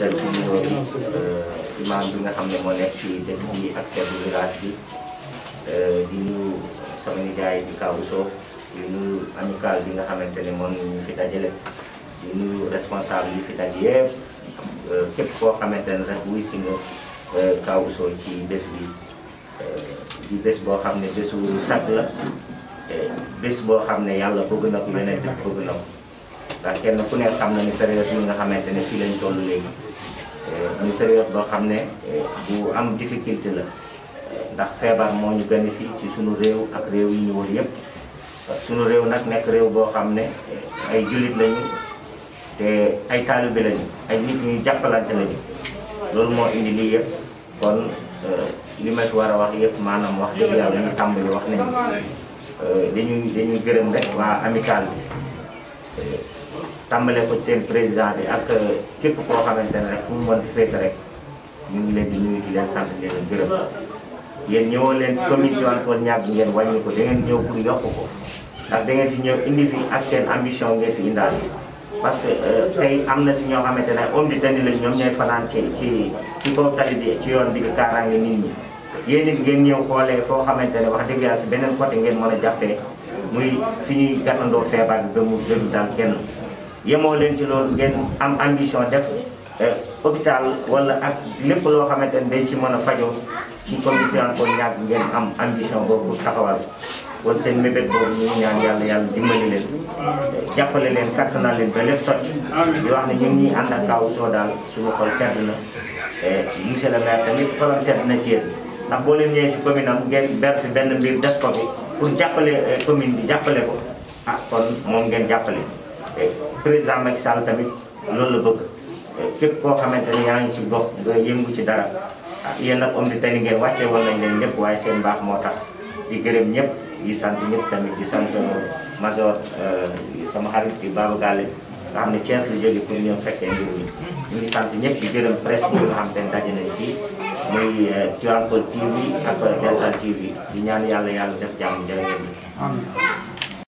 jiital ci nuyoo bi euh, imaam bi nga xam ne moo nekk ci dëkk bi ak chef de village bi euh, di nuyu sama nijaay bi Kaabu Sow di nuyu amical bi nga xamante ne moom ñu fi dajale di nuyu responsable yi fi daj euh, képp koo xamante ne rek wuy si nga Kaabu Sow ci bés bi di bés boo xam ne bésu sag la bés boo xam ne yàlla bëgg na ko yonent bëgg na ko ndax kenn ku nekk xam na ni période yi nga xamante ne fii lañ toll léegi eh, muy période boo xam ne eh, bu am difficulté la eh, ndax feebar moo ñu gën si ci suñu réew ak réew yi ñu wër yëpp sunu réew nag nekk réew boo xam ne ay jullit lañu te ay taalibe lañu ay nit ñuy jàppalante lañu loolu moo indi lii yëpp kon li ma ci war a wax yëpp maanaam wax dëgg yàlla ñu tàmbali wax nañu dañuy dañuy gërëm rek waa amical bi tàmbale ko ci seen président bi ak euh, képp koo xamante ne rek fu mu mën féete rek ñu ngi leen di nuyu di leen sant di leen gërëm yéen ñëwoo leen commune Tivaouane ñàkk ngeen ko da ngeen ñëw pour yokk ko ndax da ngeen fi ñëw indi fi ak seen ambition ngeen fi indaal parce que euh, tey am na si ñoo xamante ne homme di tani ñoom ñooy fanaan ci ci ci tali bi ci yoon bi di kaaraange nit ñi yéen it ngeen ñëw xoolee foo xamante ne wax dëgg yàlla si beneen côté ngeen man a jàppee muy fi ñuy gàttandoo feebar bi ba yemoo leen ci loolu ngeen am ambition def eh, hôpital wala ak lépp loo xamante ne dañ ci mën a fajoo ci commune Thiankoye ñàkk ngeen am ambition boobu taxawal kon seen mébét boobu ñu ngi ñaan yàlla yàlla dimbali leen jàppale leen kattanal leen ba lépp sotti di wax ne ñu ngi ñuy ànd ak kaw soo daal suñu xol sedd na eh, monsieur le maire tamit xolam na ci yéen ndax boo leen ñëwee ci commune ngeen benn mbir def ko pour jàppale eh, commune bi jàppale ko ah kon moom ngeen jàppale président Macky Sall tamit loolu la bëgg képp koo xamante ni yaa ngi si gox nga yëngu ci dara ah yéen nag homme de terrain ngeen wàcce woon nañ leen lépp waaye seen baax moo tax di gërëm ñëpp yi sant ñëpp tamit di sant euh, major euh, sama xarit bi Baba Galle nga xam ne Thiès la jóge pour ñëw fekkee mbir mi ñu ngi sant ñëpp di gërëm presse bi nga xam te ne daje nañ fii muy euh, Tivaouane Peulh TV ak Dental TV di ñaan yàlla yàlla def jàmm jërë ngeen